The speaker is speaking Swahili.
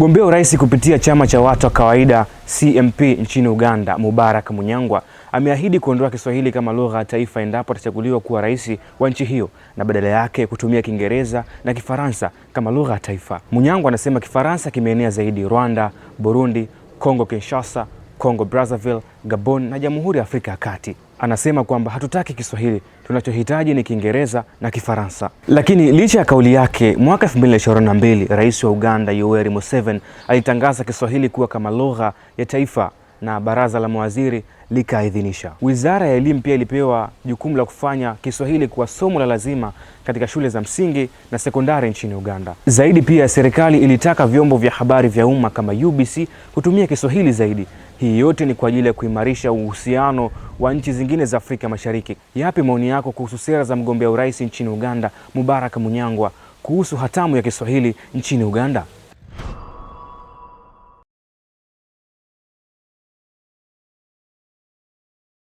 Mgombea urais kupitia chama cha watu wa kawaida CMP nchini Uganda, Mubarak Munyangwa ameahidi kuondoa Kiswahili kama lugha ya taifa endapo atachaguliwa kuwa rais wa nchi hiyo na badala yake kutumia Kiingereza na Kifaransa kama lugha ya taifa. Munyangwa anasema Kifaransa kimeenea zaidi Rwanda, Burundi, Kongo Kinshasa Congo Brazzaville, Gabon na Jamhuri ya Afrika ya Kati. Anasema kwamba hatutaki Kiswahili, tunachohitaji ni Kiingereza na Kifaransa. Lakini licha ya kauli yake, mwaka 2022 Rais wa Uganda Yoweri Museveni alitangaza Kiswahili kuwa kama lugha ya taifa na baraza la mawaziri likaidhinisha. Wizara ya Elimu pia ilipewa jukumu la kufanya Kiswahili kuwa somo la lazima katika shule za msingi na sekondari nchini Uganda. Zaidi pia, serikali ilitaka vyombo vya habari vya umma kama UBC kutumia Kiswahili zaidi. Hii yote ni kwa ajili ya kuimarisha uhusiano wa nchi zingine za Afrika Mashariki. Yapi maoni yako kuhusu sera za mgombea urais nchini Uganda Mubarak Munyangwa kuhusu hatamu ya Kiswahili nchini Uganda?